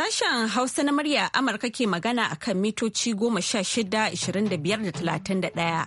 Sashen Hausa na murya Amurka ke magana a kan mitoci goma sha shida, ashirin da biyar da talatin da ɗaya.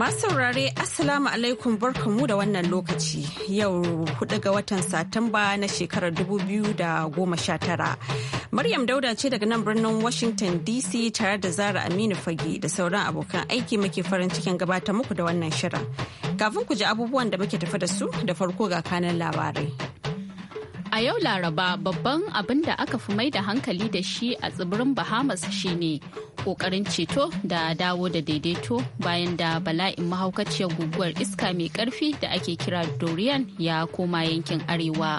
Masu saurare Assalamu alaikum barkamu da wannan lokaci yau hudu ga watan Satumba na shekarar 2019. Maryam Dauda ce daga nan birnin Washington DC tare da Zara Aminu Fage da sauran abokan aiki muke farin cikin gabata muku da wannan shirin. Kafin ku ji abubuwan da muke tafi da su da farko ga kanan labarai. A yau Laraba babban abin da aka fi mai da hankali da shi a tsibirin Bahamas shine kokarin ceto da dawo da daidaito bayan da bala'in mahaukaciyar guguwar iska mai karfi da ake kira Dorian ya koma yankin arewa.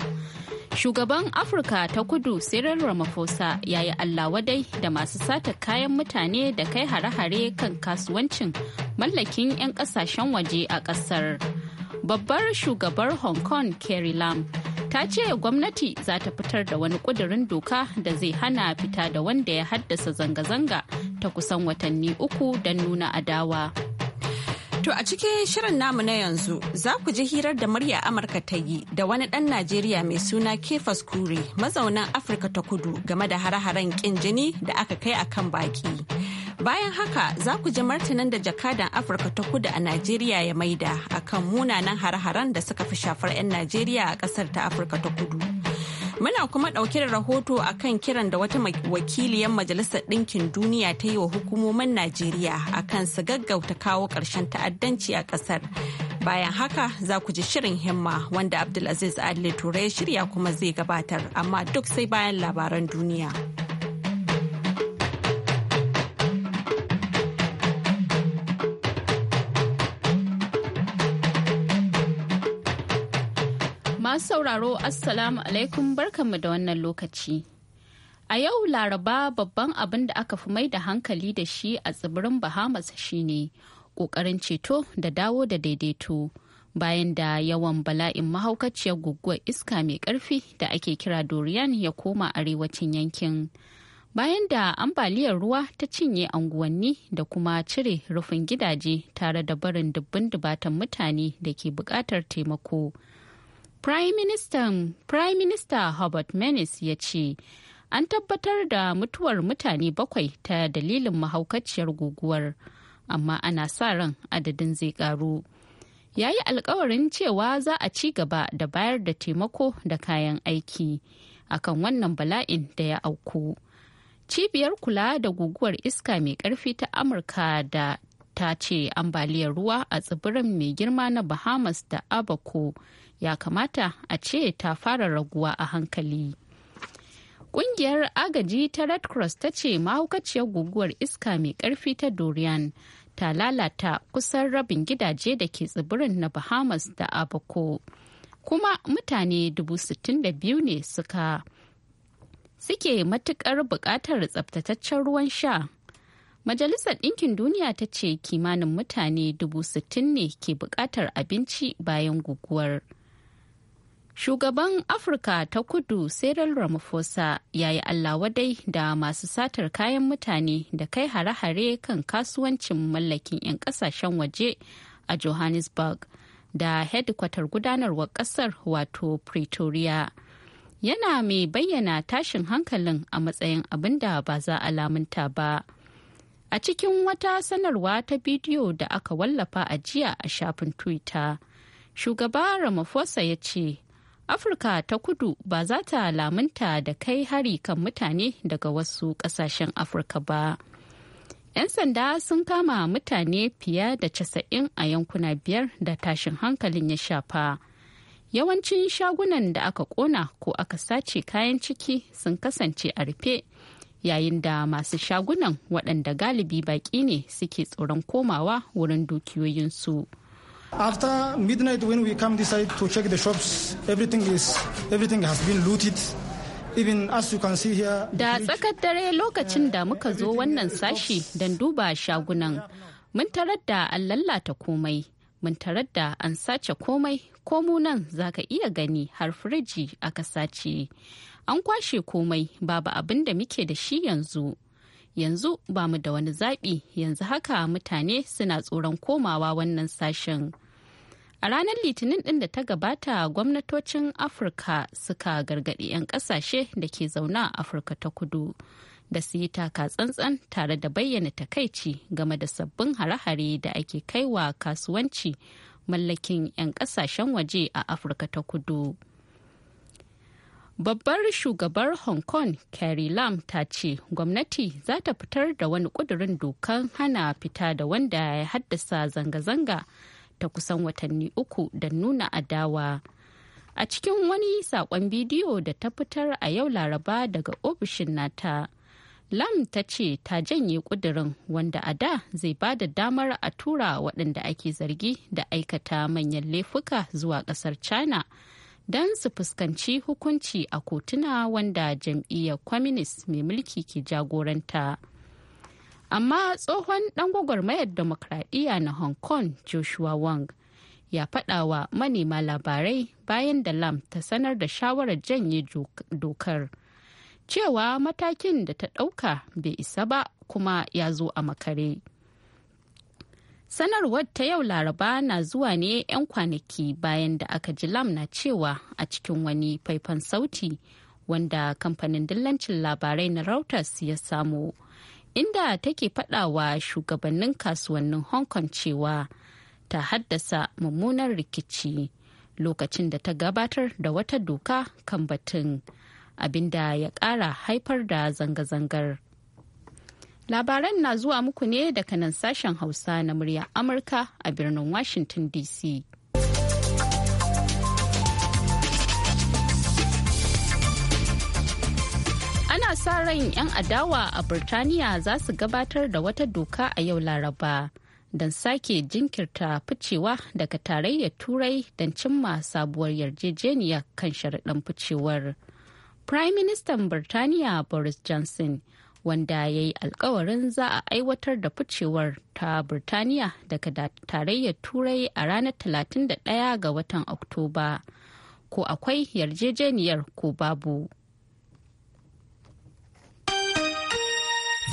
Shugaban Afirka ta kudu Cyril Ramaphosa ya yi Allah wadai da masu sata kayan mutane da kai hare-hare kan kasuwancin mallakin 'yan kasashen waje a kasar Babbar shugabar Hong Kong Carrie Lam ta ce gwamnati za ta fitar da wani kudurin doka da zai hana fita da wanda ya haddasa zanga-zanga ta kusan watanni uku don nuna adawa. To a cikin shirin namu na yanzu za ku ji hirar da murya Amurka ta yi da wani ɗan Najeriya mai suna Kefas Kure mazaunan Afirka ta kudu game da hare-haren ƙin jini da aka kai a kan baƙi. Bayan haka za ku ji martanin da jakadan Afirka ta kudu a Najeriya ya maida a kan munanan har-haren da suka fi shafar 'yan Najeriya a ƙasar ta Afirka ta kudu. Muna kuma ɗauke da rahoto a kan kiran da wata wakiliyar Majalisar Ɗinkin Duniya ta yi wa hukumomin Najeriya a kan su gaggauta kawo ƙarshen ta'addanci a ƙasar. Bayan haka za ku ji shirin himma wanda Abdulaziz Adli Ture shirya kuma zai gabatar amma duk sai bayan labaran duniya. Masu sauraro Assalamu alaikum barkanmu da wannan lokaci. A yau Laraba babban abin da aka fi mai da hankali da shi a tsibirin Bahamas shine ƙoƙarin ceto da dawo da daidaito bayan da yawan bala'in mahaukaciyar guguwar iska mai ƙarfi da ake kira Dorian ya koma arewacin yankin. bayan da ambaliyar ruwa ta cinye anguwanni da kuma cire rufin gidaje tare da barin dubbin dubatan mutane da ke buƙatar taimako Prime Minister, Hubert Menis ya ce, an tabbatar da mutuwar mutane bakwai ta dalilin mahaukaciyar guguwar, amma ana sa ran adadin zai karu. Ya yi alkawarin cewa za a ci gaba da bayar da taimako da kayan aiki akan wannan bala'in da ya auku. Cibiyar kula da guguwar iska mai karfi ta Amurka da ta ce ambaliyar ruwa a tsibirin mai girma na Bahamas da Abako. ya kamata a ce ta fara raguwa a hankali. Kungiyar agaji ta Red Cross ta ce mahaukaciyar guguwar iska mai karfi ta Dorian ta lalata kusan rabin gidaje da ke tsibirin na Bahamas da Abaco. Kuma mutane da biyu ne suka suke matukar buƙatar tsabtataccen ruwan sha. Majalisar Ɗinkin Duniya ta ce kimanin mutane dubu sittin ne ke buƙatar abinci bayan guguwar. Shugaban Afirka ta kudu Cyril Ramaphosa ya yi wadai da masu satar kayan mutane da kai hare-hare kan kasuwancin mallakin 'yan kasashen waje a Johannesburg da hedkwatar gudanarwar kasar wato Pretoria. Yana mai bayyana tashin hankalin a matsayin abin da ba za a lamunta ba. A cikin wata sanarwa ta bidiyo da aka wallafa a jiya a shafin Twitter, shugaba Ramaphosa ya ce, afirka ta kudu ba za ta lamunta da kai hari kan mutane daga wasu ƙasashen afirka ba 'yan sanda sun kama mutane fiye da casa'in a yankuna biyar da tashin hankalin ya shafa yawancin shagunan da aka ƙona ko aka sace kayan ciki sun kasance a rufe yayin da masu shagunan waɗanda galibi baƙi ne suke tsoron komawa wurin dukiyoyinsu. After midnight, when we come this side to check the shops, everything is everything has been looted. Da tsakar dare lokacin da muka zo wannan sashi don duba shagunan, mun tarar da an lallata komai, mun tarar da an sace komai, mu nan za ka iya gani har firiji aka sace. An kwashe komai babu abin da muke da shi yanzu. Yanzu ba mu da wani zaɓi yanzu haka mutane suna tsoron komawa wannan sashen. A ranar Litinin ɗin da ta gabata gwamnatocin Afirka suka gargaɗi 'yan ƙasashe da ke zauna a Afirka ta kudu da su yi taka tsantsan tare da bayyana takaici game da sabbin hare-hare da ake kaiwa kasuwanci mallakin 'yan ƙasashen waje a Afirka ta kudu. Babbar shugabar Hong Kong Carrie Lam ta ce gwamnati za ta fitar da wani ƙudurin dokan hana fita da wanda ya haddasa zanga-zanga. ta kusan watanni uku da nuna adawa. A cikin wani saƙon bidiyo da ta fitar a yau Laraba daga ofishin nata. Lam ta ce ta janye ƙudurin wanda a da zai ba da damar a tura waɗanda ake zargi da aikata manyan laifuka zuwa ƙasar China don su fuskanci hukunci a kotuna wanda jam'iyyar kwaminis mai mulki ke jagoranta. amma tsohon dan gwagwarmayar demokradiyya na hong kong joshua wang ya faɗa wa manema labarai bayan da lam ta sanar da shawarar janye dokar cewa matakin da ta ɗauka bai isa ba kuma ya zo a makare sanarwar ta yau laraba na zuwa ne 'yan kwanaki bayan da aka ji lam na cewa a cikin wani faifan sauti wanda kamfanin dillancin labarai na reuters ya samu. inda take faɗawa shugabannin kasuwannin hong kong cewa ta haddasa mummunar rikici lokacin da ta gabatar da wata doka kan batun abinda ya ƙara haifar da zanga-zangar labaran na zuwa muku ne daga nan sashen hausa na murya amurka a birnin washington dc sa ran 'yan adawa a Birtaniya za su gabatar da wata doka a yau Laraba don sake jinkirta ficewa daga tarayyar Turai don cimma sabuwar yarjejeniya kan sharaɗin ficewar. Prime Minister Birtaniya Boris Johnson wanda ya yi alkawarin za a aiwatar da ficewar ta Birtaniya daga tarayyar Turai a ranar 31 ga watan Oktoba. Ko akwai yarjejeniyar ko babu.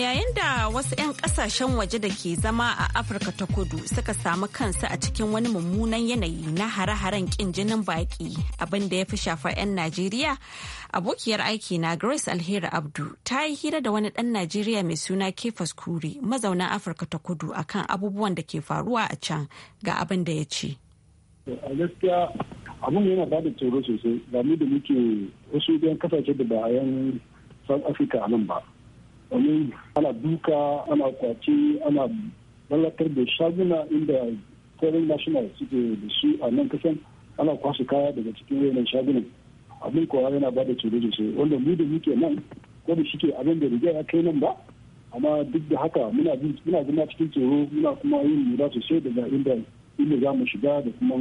yayin da wasu 'yan kasashen waje da ke zama a Afirka ta kudu suka samu kansu a cikin wani mummunan yanayi na hare-haren kin jinin baki abin da ya fi shafar 'yan Najeriya, abokiyar aiki na Grace Alheri Abdu ta yi hira da wani dan Najeriya mai suna Kefas Kuri mazaunan Afirka ta kudu akan abubuwan da ke faruwa a can ga abin da ya ce. A gaskiya abin yana da tsoro sosai, da muke wasu 'yan kasashe da ba South Africa a nan ba. domin ana duka ana kwace ana lalatar da shaguna inda foreign national suke da su a nan kasan ana kwashe kaya daga cikin wayannan shagunan abin kowa yana ba da tsoro sosai wanda mu da muke nan ko da shike abin da riga ya kai nan ba amma duk da haka muna muna zama cikin tsoro muna kuma yin lura sosai daga inda inda za mu shiga da kuma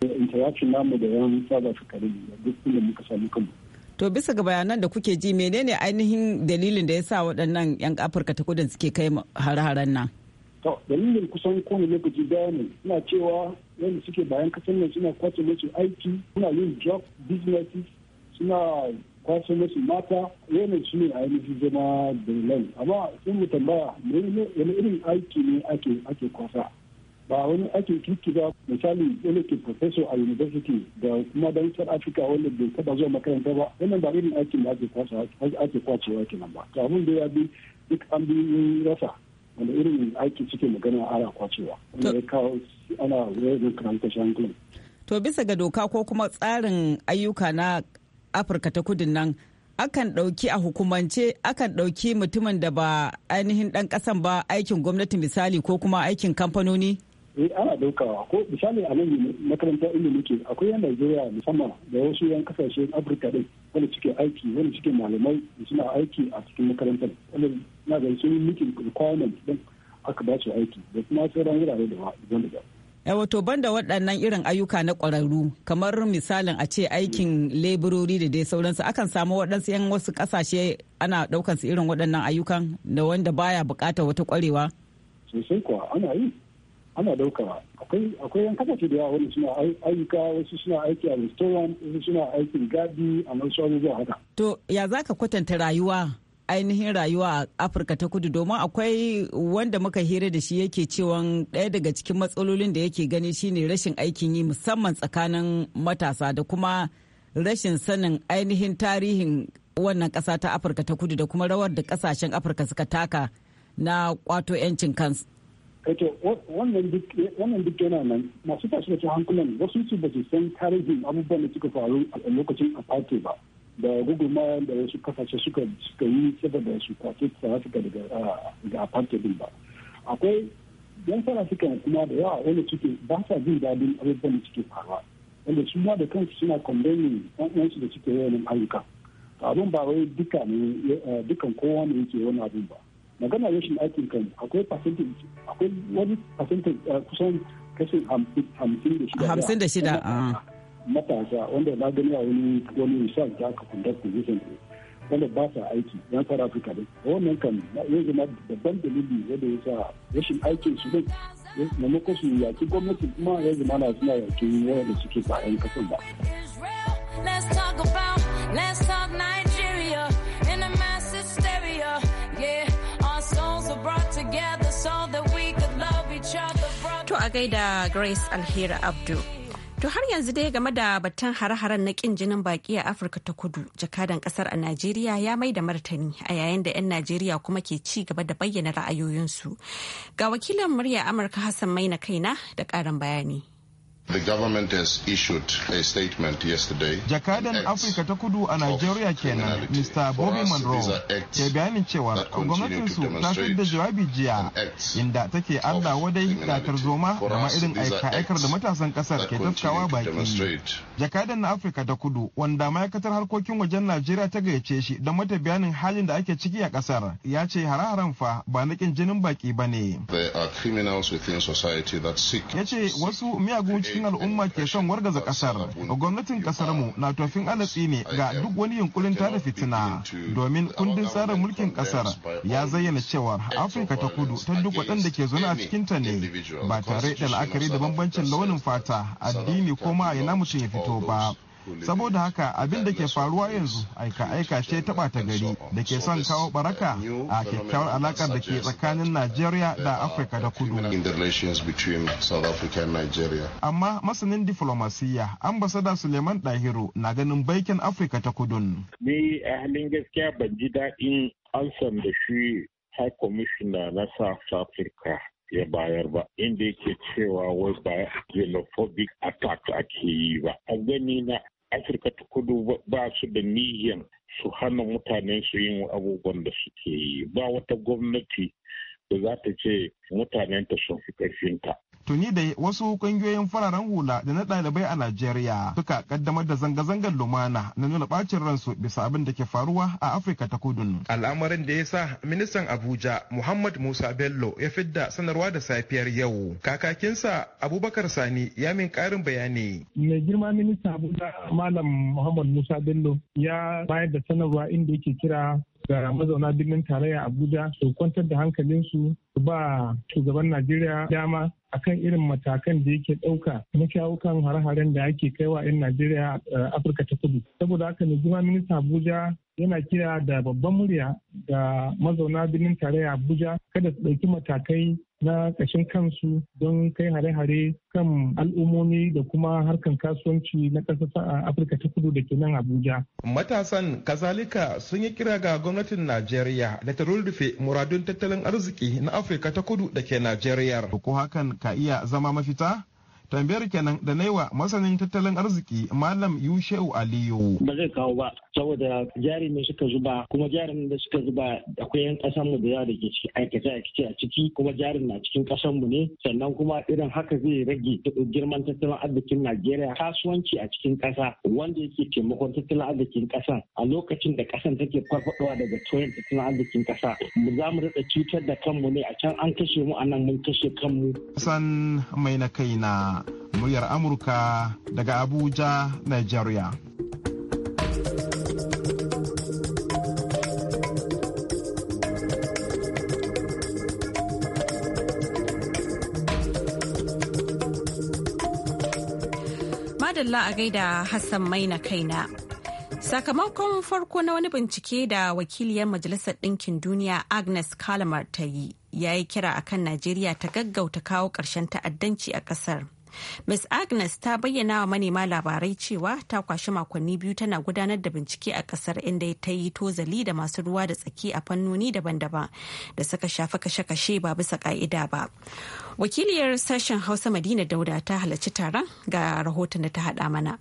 interaction namu da yan South Africa duk inda muka samu kanmu To bisa ga bayanan da kuke ji menene ainihin dalilin da ya sa waɗannan 'yan Afirka ta kudin suke kai har haren nan? To dalilin kusan kowane lokaci daya ne suna cewa yadda suke bayan kasan nan suna kwace musu aiki suna yin job businesses suna kwace musu mata yanayin su ne ainihin zama dalilan amma sun mu tambaya wani irin aiki ne ake kwasa. ba wani ake ba misali elective professor a university da kuma dan south africa wanda bai taba zuwa makaranta ba wannan ba irin aikin da ake kwasa ake kwacewa kenan ba to abin da ya bi duk an bi rasa wanda irin aiki suke magana ana kwacewa wanda ya kawo ana rayuwar karanta shankulun to bisa ga doka ko kuma tsarin ayyuka na afirka ta kudin nan akan ɗauki a hukumance akan ɗauki mutumin da ba ainihin ɗan ƙasan ba aikin gwamnati misali ko kuma aikin kamfanoni eh ana daukawa ko misali a nan makaranta inda muke akwai yan Najeriya musamman da wasu yan kasashen Afirka din wanda suke aiki wanda suke malamai da suna aiki a cikin makarantar wani na ga sun miki requirement din aka ba su aiki da kuma sauran wurare da wanda eh, da wato banda waɗannan irin ayyuka na ƙwararru kamar misalin a ce aikin leburori da dai sauransu akan samu waɗansu 'yan wasu ƙasashe ana ɗaukansu irin waɗannan ayyukan da wanda baya buƙatar wata ƙwarewa sosai kuwa ana yi ana daukawa akwai akwai yan kasashe da yawa wani suna ayyuka wasu suna aiki a restaurant wasu suna aikin gadi a wasu abubuwa haka to ya za ka kwatanta rayuwa ainihin rayuwa a afirka ta kudu domin akwai wanda muka hira da shi yake cewa ɗaya daga cikin matsalolin da yake gani shine rashin aikin yi musamman tsakanin matasa da kuma rashin sanin ainihin tarihin wannan ƙasa ta afirka ta kudu da kuma rawar da ƙasashen afirka suka taka na kwato 'yancin Eto wannan duk yana nan masu tashi da hankulan wasu su ba su san tarihin abubuwan da suka faru a lokacin apartheid ba da guguma da wasu kasashe suka suka yi saboda su kwace South Africa daga apartheid din ba. Akwai yan fara suka kuma da yawa wani suke ba sa jin daɗin abubuwan da suke faruwa. Wanda su ma da kansu suna condemning ɗan da suke yawan ayyuka. Abin ba wai duka eh, dukan kowa ne yake wani abin ba. magana rashin aikin kan akwai percentage akwai wani percentage eh, kusan kashin hamsin da shida hamsin da shida ah. matasa wanda na gani a wani wani research da aka conduct position wanda ba sa aiki yan fara Africa ne wannan kan ya zama babban dalili wanda ya sa rashin aikin su din maimakon su yaki gwamnati kuma ya zama na suna yaki wanda suke ba yan kasan ba let's talk Nigeria in a mass hysteria, yeah. a gaida Grace Alheri Abdu. To har yanzu dai game da batun hare-haren na kin jinin baki a Afirka ta kudu, jakadan kasar a Najeriya ya mai da martani a yayin da 'yan Najeriya kuma ke ci gaba da bayyana ra'ayoyinsu. Ga wakilin murya Amurka Hassan Maina kaina da ƙarin bayani. The government has issued a statement yesterday. Jakadan Afirka ta kudu a Najeriya kenan, Mr. Bobby Monroe, ke bayanin cewa su ta da jawabi jiya inda take Allah wadai da tarzoma da ma irin aika-aikar da matasan kasar ke tafkawa baki. Jakadan na Afirka ta kudu, wanda ma'aikatar harkokin wajen Najeriya ta gayyace shi don mata bayanin halin da ake ciki a kasar, ya ce hare-haren fa ba na jinin baki ba ne. seek. yace wasu miyagun ɗaukacin al'umma ke son wargaza kasar gwamnatin ƙasar mu na tofin alatsi ne ga duk wani yunkurin tada fitina domin kundin tsarin mulkin kasar ya zayyana cewa afirka ta kudu ta duk waɗanda ke zuna a cikin ta ne ba tare da la'akari da bambancin launin fata addini ko ma ina mutum ya fito ba saboda haka abin da ke faruwa yanzu aika-aika ce ta gari da ke son kawo baraka a kyakkyawar alakar da ke tsakanin najeriya da afirka da kudu amma masanin diflomasiyya ambasada suleiman dahiru na ganin baikin afirka ta Kudu. ni a halin gaskiya ban ji daɗin ansan da shi high commissioner na south africa ya bayar ba inda yake cewa wai ba xenophobic attack ake yi ba a gani na afirka ta kudu ba su da niyyar su hana mutanen su yin abubuwan da suke yi ba wata gwamnati da za ta ce mutanenta sun fi ƙarfinta tuni da wasu kungiyoyin fararen hula da na ɗalibai a Najeriya suka kaddamar da zanga-zangar lumana na nuna ɓacin ransu bisa abin da ke faruwa a Afirka ta Kudu. Al'amarin da ya sa ministan Abuja Muhammad Musa Bello ya fidda sanarwa da safiyar yau. Kakakinsa Abubakar Sani ya min ƙarin bayani. Mai girma ministan Abuja Malam Muhammad Musa Bello ya bayar da sanarwa inda yake kira ga mazauna birnin tarayya abuja su kwantar da hankalinsu su ba shugaban najeriya dama kan irin matakan da yake ɗauka na shawo kan hare-haren da ake wa 'yan najeriya eh, afirka ta kudu saboda haka ne zuma minista abuja yana kira da babban murya ga mazauna birnin tarayya abuja kada su ɗauki matakai na ƙashin kansu don kai hare-hare kan al'ummomi da kuma harkan kasuwanci na a afirka ta kudu da ke nan abuja matasan kazalika sun yi kira ga gwamnatin najeriya da ta rurrufe muradun tattalin arziki na afirka ta kudu da ke najeriya ko hakan ka iya zama mafita tambayar kenan da naiwa masanin tattalin arziki malam yushe'u aliyu ba zai kawo ba saboda jari ne suka zuba kuma jarin da suka zuba akwai yan kasan mu da yawa da ke ciki aikace aikace a ciki kuma jarin na cikin kasan mu ne sannan kuma irin haka zai rage girman tattalin arzikin najeriya kasuwanci a cikin kasa wanda yake taimakon tattalin arzikin kasan a lokacin da kasan take farfadowa daga toyin tattalin arzikin kasa mu za mu rika cutar da kanmu ne a can an kashe mu a nan mun kashe kanmu san mai na kaina muryar Amurka daga Abuja, Nigeria. Madalla a gaida Hassan Maina kaina. Sakamakon farko na wani bincike da wakiliyar Majalisar Ɗinkin Duniya Agnes Kalamar ta yi ya yi kira a kan Najeriya ta gaggauta kawo ƙarshen ta'addanci a ƙasar. Ms. Agnes ta bayyana wa manema labarai cewa ta kwashi makonni biyu tana gudanar da bincike a kasar inda ta yi tozali da masu ruwa da tsaki a fannoni daban-daban da suka shafi kashe-kashe ba bisa ka'ida ba. Wakiliyar sashen Hausa Madina Dauda ta halarci taron ga rahoton da ta haɗa mana.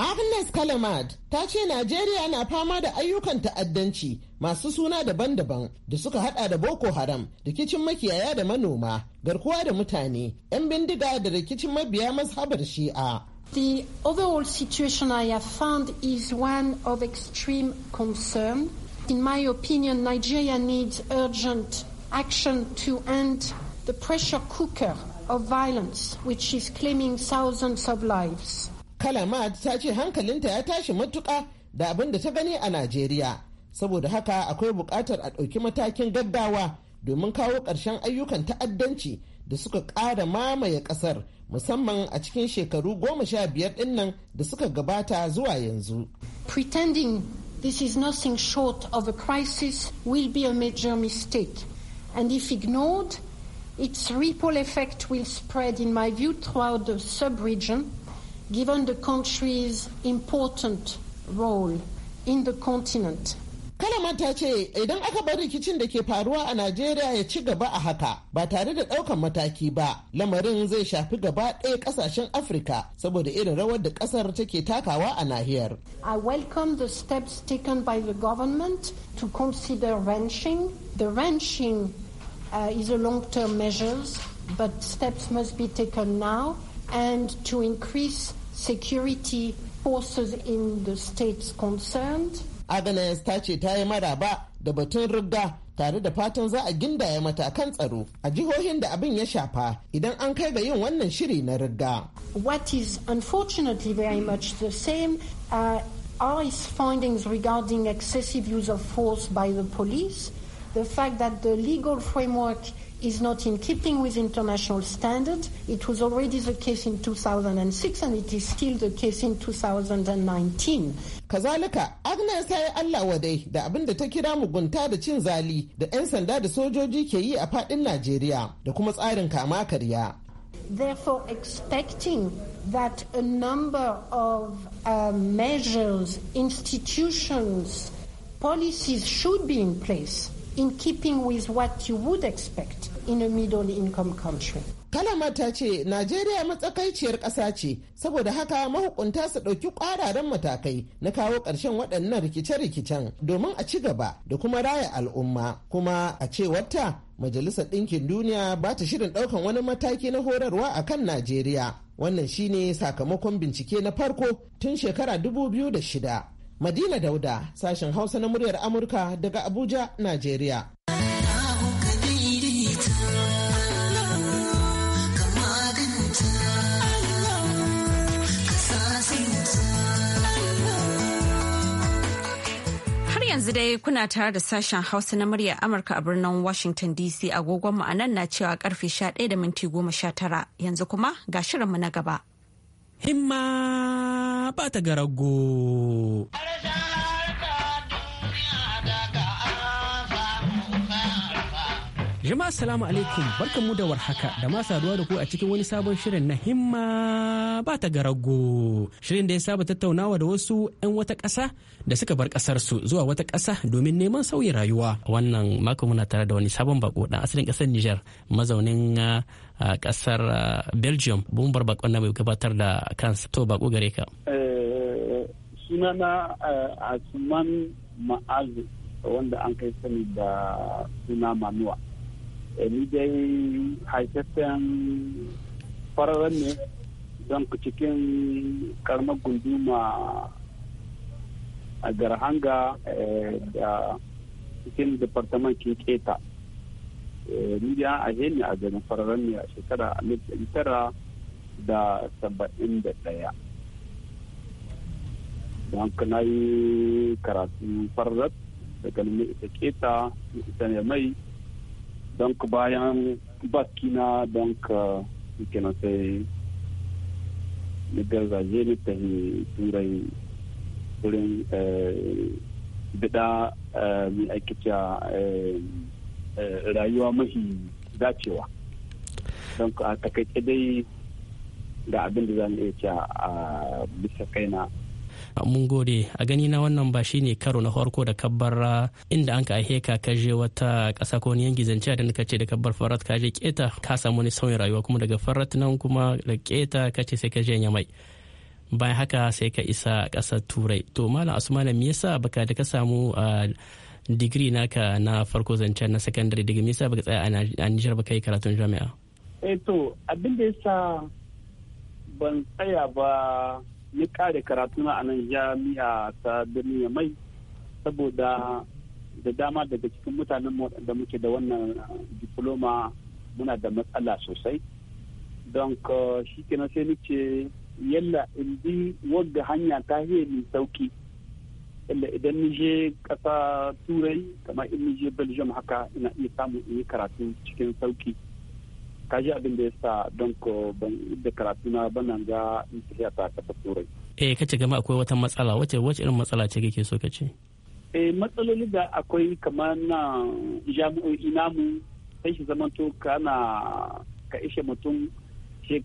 Agnes Kalamad ta ce Najeriya na fama da ayyukan ta'addanci masu suna daban-daban da suka hada da Boko Haram, rikicin makiyaya da manoma, garkuwa da mutane, 'yan bindiga da rikicin mabiya mazhabar shi'a. The overall situation I have found is one of extreme concern. In my opinion, Nigeria needs urgent action to end the pressure cooker of violence which is claiming thousands of lives. Kalamat ta ce hankalinta ya tashi matuƙa da abin da ta gani a Najeriya. Saboda haka akwai buƙatar a ɗauki matakin gaggawa domin kawo ƙarshen ayyukan ta'addanci da suka ƙara mamaye ƙasar musamman a cikin shekaru goma sha biyar ɗinnan da suka gabata zuwa yanzu. Pretending this is nothing short of a crisis will be a major mistake. And if ignored, its ripple effect will spread, in my view, throughout the sub-region given the country's important role in the continent. Kalaman ta ce idan aka rikicin da ke faruwa a Najeriya ya ci gaba a haka ba tare da ɗaukan mataki ba lamarin zai shafi gaba ɗaya ƙasashen Afirka saboda irin rawar da ƙasar take takawa a nahiyar. I welcome the steps taken by the government to consider wrenching. The wrenching uh, is a long-term measure, but steps must be taken now and to increase security forces in the states concerned. ta ce ta yi maraba da batun rugga tare da fatan za a gindaya matakan tsaro a jihohin da abin ya shafa idan an kai ga yin wannan shiri na What is unfortunately very much the same uh, are its findings regarding excessive use of force by the police the fact that the legal framework is not in keeping with international standards. It was already the case in 2006 and it is still the case in 2019. Kazalika, Agnes yi Allah wadai da abin da ta kira mugunta da cin zali da 'yan sanda da sojoji ke yi a fadin Najeriya da kuma tsarin kama karya. Therefore, expecting that a number of uh, measures, institutions, policies should be in place in keeping with what you would expect in a middle income country. Kalama ta ce Najeriya matsakaiciyar ƙasa ce saboda haka mahukunta su ɗauki ƙwararren matakai na kawo ƙarshen waɗannan rikice-rikicen domin a ci gaba da kuma raya al'umma kuma a ce wata Majalisar Ɗinkin Duniya ba ta shirin ɗaukan wani mataki na horarwa a kan Najeriya. Wannan shine sakamakon bincike na farko tun shekara 2006. Madina Dauda, sashen Hausa na muryar Amurka daga Abuja, Najeriya. yanzu dai kuna tare da sashen hausa na muryar amurka a birnin washington dc agogonmu a nan na cewa karfe 11 da minti 19 yanzu kuma ga shirinmu na gaba himma ba ta garago. Jama'a salamu alaikum barkanmu da warhaka da ma saduwa da ku a cikin wani sabon shirin na himma ba ta garago. Shirin da ya saba tattaunawa da wasu 'yan wata ƙasa da suka bar ƙasarsu zuwa wata ƙasa domin neman sauyi rayuwa. Wannan mako muna tare da wani sabon bako ɗan asalin ƙasar Nijar mazaunin a kasar belgium bumbar bakon na mai gabatar da kansa to bako gare ka eh, sunana eh, asuman ma'azu wanda an kai sani da suna manuwa eh, ni dai haifafen fararen ne don ku cikin karamar gunduma a garhanga da cikin departament keta Eh, ni da a ne a garin fararen ne a shekara a ɗari tara da saba'in da ɗaya don na yi karatu farrat daga nemi ita keta ita ne mai don ku bayan bakina don ka na sai nigar zaje ne ta yi turai wurin eh, bida eh, mai aikata. Eh, rayuwa mafi dacewa don a takaice dai da abin da zan iya cewa a bisa kaina ah, mun gode a gani na wannan ba shi ne karo na farko da kabbar ah, inda an ka aihe ka kaje wata ƙasa ko wani yanki zance da nika ce da kabbar farat ka je keta ka samu ni sauyin rayuwa kuma daga farat nan kuma da keta ka ce sai ka je mai bayan haka sai ka isa ƙasar turai to malam asmana me yasa baka da ka samu ah, digiri naka na farko zancen na sakandare daga me baka tsaya a Nijar ba kai karatun jami'a eh to abin da yasa ban tsaya ba ni kare karatuna na a nan jami'a ta birnin mai saboda da dama daga cikin mutanen da muke da wannan diploma muna da matsala sosai don shi kenan sai nice yalla in bi wadda hanya ta ni sauki idan ni je ƙasa turai kamar in ni je belgium haka ina iya samu in yi karatu cikin sauki ka ji abin da ya sa don ko ban da karatu na bana ga in tafiya ta ƙasa turai eh kace gama akwai wata matsala wace wace irin matsala ce kake so kace eh matsaloli da akwai kamar na jami'o'i namu sai shi zamanto kana ka ishe mutum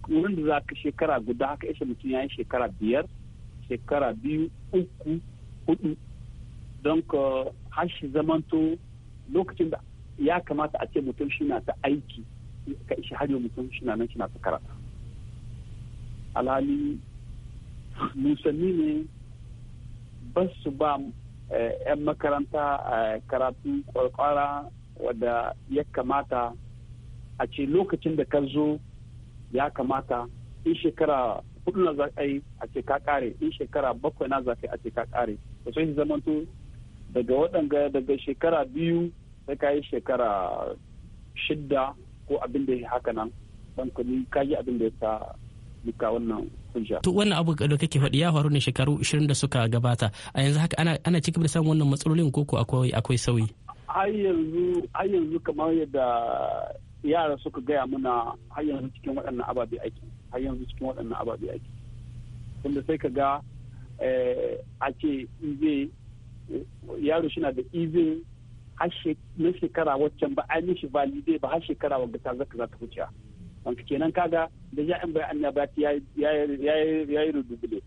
wurin da za ka shekara guda haka ishe mutum ya yi shekara biyar shekara biyu uku hudu don ka hashi zamanto lokacin da ya kamata a ce mutum shi na ta aiki ka ishi har mutum shi na nan shi na ta karata alhali musanni ne ba su ba eh, 'yan makaranta eh, karatu kwakwara wadda ya kamata a ce lokacin da ka zo ya kamata in shekara hudu na za a yi a ce ka kare in shekara bakwai na za ka yi a ce ka kare da sai to daga waɗanga daga shekara biyu sai ka yi shekara shidda ko abin da ya haka nan don ka yi abin da ya sa duka wannan hujja. To wannan abu da kake faɗi ya faru ne shekaru 20 da suka gabata. A yanzu haka ana ana cikin da samun wannan matsalolin ko ko akwai akwai sauyi. Har yanzu har yanzu kamar yadda yara suka gaya muna har yanzu cikin waɗannan ababe aiki har yanzu cikin waɗannan ababe ake wanda sai ka ga eh, a ce ibe yaro shi na da izin na shekara waccan ba a mishi valide ba har shekara wadda ta zaka za ta wuce wanda kenan kaga da ya'yan bayan annabati ya yi rudubule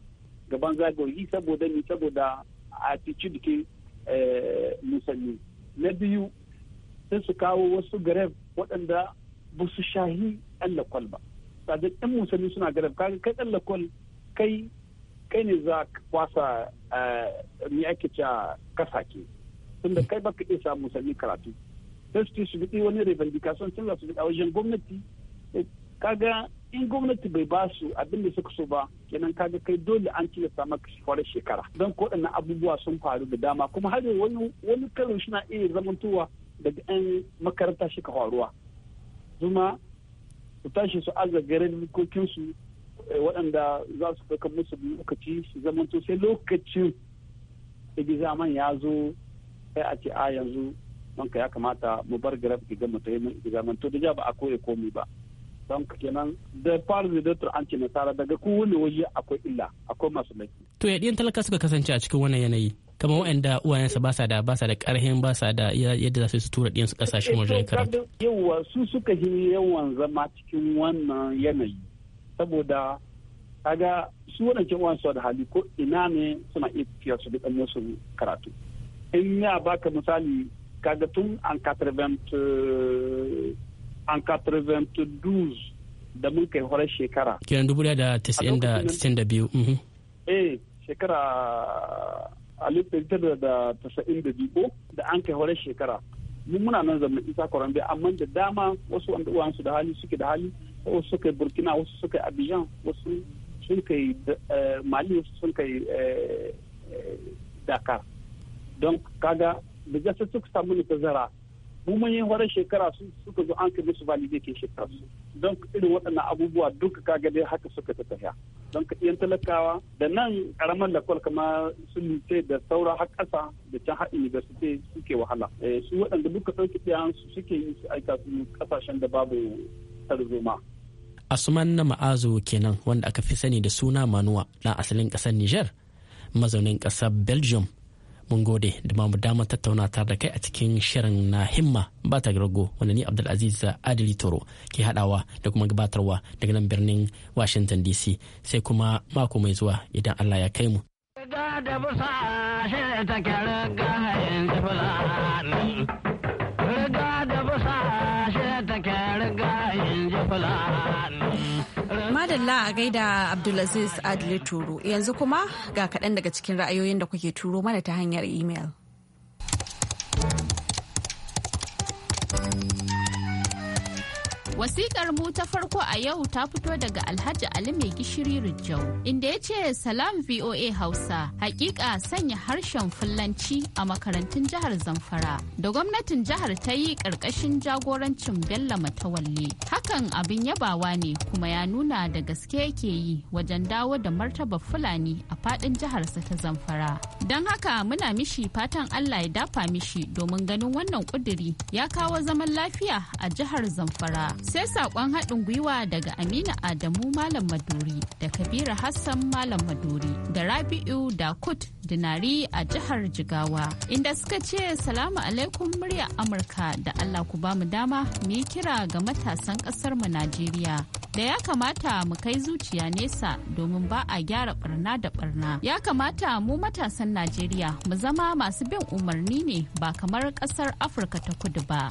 gaban zagorgi saboda ni saboda a attitude ke eh, musulmi na biyu sai su kawo wasu garef waɗanda ba su shahi Allah kwalba kirista yan musulmi suna garab kaga kai tsallakon kai kai ne za ka kwasa eh, mai ake cewa kasake tunda kai baka iya samu musulmi karatu sai su su bi wani revendication sun su bi a wajen gwamnati eh, kaga in gwamnati bai ba su abin da suka so ba kenan kaga kai dole an tilasta maka shawarar shekara don ko abubuwa sun faru da dama kuma har wani wani karo suna iya zamantowa daga 'yan makaranta shi ka faruwa zuma su tashi su aza garin mikokinsu eh, waɗanda za su ɗaukar musu lokaci su zamanto sai lokacin zaman ya zo sai a ce a yanzu wanka ya kamata mu bar garab ki gama ta yi zaman to da ba a koya komi ba don kenan da faru da an ce nasara daga kowane waje akwai illa akwai masu laifi. to ya ɗiyan talaka suka kasance a cikin wannan yanayi. kama wa'anda uwayensa ba sa da ba sa da karhin ba sa da yadda za su tura ɗiyansu ƙasashen wajen karatu. Eh, eh, eh, Yawwa su suka yi yawan zama cikin wannan yanayi saboda kaga su waɗancan uwansu da hali ko ina ne suna iya tafiya su bi su karatu. In ya baka misali kaga tun an 92 da mun kai horar shekara. Kiran dubu da tisa'in da biyu. Mhm. Eh shekara alif tara da tasa'in da biyu da an kai hore shekara mun muna nan zama isa kwarambe amma da dama wasu wanda uwansu da hali suke da hali wasu suka burkina wasu suka abidjan wasu sun kai eh, mali wasu sun kai eh, eh, dakar don kaga da gasa suka samu ne tazara mun yi hore shekara suka zo an kai musu validate shekara su don irin waɗannan abubuwa duka kaga dai haka suka ta tafiya don iya talakawa da nan karamar lakwal kama sun ce da saura har kasa da can har university suke wahala eh, su waɗanda duka ɗauki ɗaya su suke yi su aika su ƙasashen da babu tarzoma. Asuman na ma'azo kenan wanda aka fi sani da suna Manuwa na asalin ƙasar niger mazaunin ƙasar Belgium mun gode da mamu damar tattauna tare da kai a cikin shirin na himma ba ta rago wanda ni abdulaziz adili toro ke hadawa da kuma gabatarwa daga nan birnin washington dc sai kuma mako mai zuwa idan allah ya kai mu da busa shi ta gahayin la a gaida Abdulaziz Adli Turo. Yanzu kuma ga kaɗan daga cikin ra'ayoyin da kuke turo mana ta hanyar imel. Wasikar mu ta farko a yau ta fito daga Alhaji Ali mai gishiri Rijau, inda ya ce Salam VOA Hausa, hakika sanya harshen Fulanci a makarantun jihar Zamfara da gwamnatin jihar ta yi ƙarƙashin jagorancin Bello Matawalle. Hakan abin yabawa ne kuma ya nuna da gaske yake yi wajen dawo da martaba Fulani a faɗin jiharsa ta Zamfara. Don haka muna mishi fatan Allah ya dafa mishi domin ganin wannan ƙuduri ya kawo zaman lafiya a jihar Zamfara. sai saƙon haɗin gwiwa daga amina Adamu Malam Maduri da kabira Hassan Malam Maduri da Rabi'u da Dakut Dinari a jihar Jigawa inda suka ce salamu alaikum murya Amurka da Allah ku ba mu dama mu yi kira ga matasan ƙasar mu Najeriya da ya kamata mu kai zuciya nesa domin ba a gyara barna da barna ya kamata mu matasan Najeriya mu zama masu bin umarni ne ba kamar ƙasar Afirka ta kudu ba.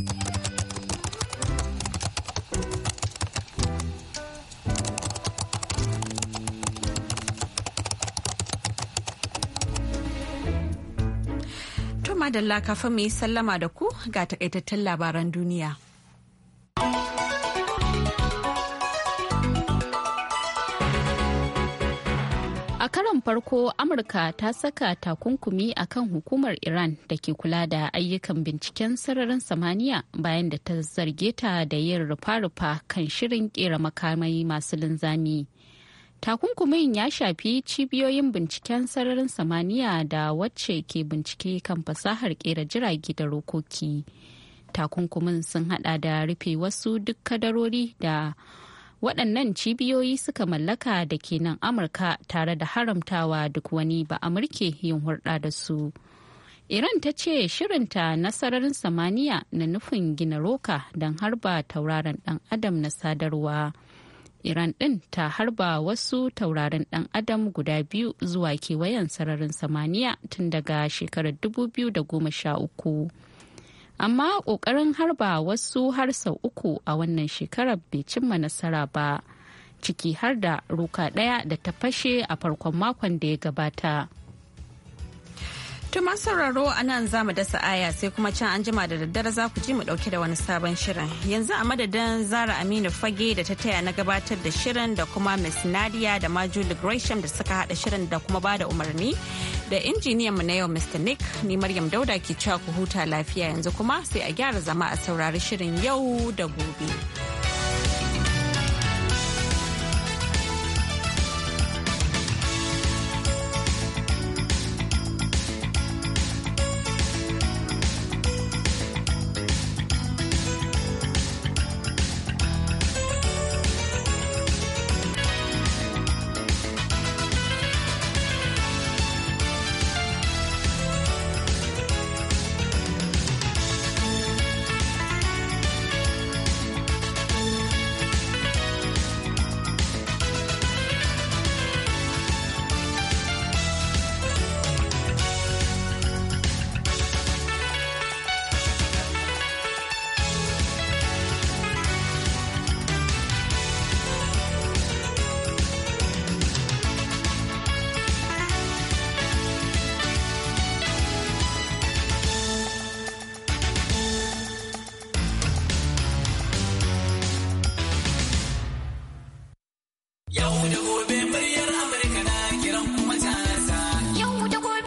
madalla kafin mu yi sallama da ku ga takaitattun labaran duniya. A karon farko Amurka ta saka takunkumi a kan hukumar Iran da ke kula da ayyukan binciken sararin samaniya bayan da ta zarge ta da yin rufa-rufa kan shirin kera makamai masu linzami. takunkumin ya shafi cibiyoyin binciken sararin samaniya da wacce ke bincike kan fasahar kera jirage da rokoki takunkumin sun hada da rufe wasu duk kadarori da waɗannan cibiyoyi suka mallaka da ke nan amurka tare da haramtawa duk wani ba murke yin hulɗa da su iran ta ce shirinta na sararin samaniya na nufin gina roka don harba tauraron ɗan adam na sadarwa iran ɗin ta harba wasu taurarin ɗan adam guda biyu zuwa kewayen sararin samaniya tun daga shekarar 2013 amma ƙoƙarin harba wasu har sau uku a wannan shekarar bai cimma nasara ba ciki har da ruka ɗaya da ta fashe a farkon makon da ya gabata Tuma sauraro a nan za mu dasa aya sai kuma can an jima da daddare za ku ji mu dauke da wani sabon shirin. Yanzu a madadin Zara Aminu Fage da ta taya na gabatar da shirin da kuma Miss Nadia da ma Julie Gresham da suka hada shirin da kuma bada umarni da injiniyan mu na yau Mr. Nick ni Maryam Dauda ke cewa ku huta lafiya yanzu kuma sai a gyara zama a saurari shirin yau da gobe.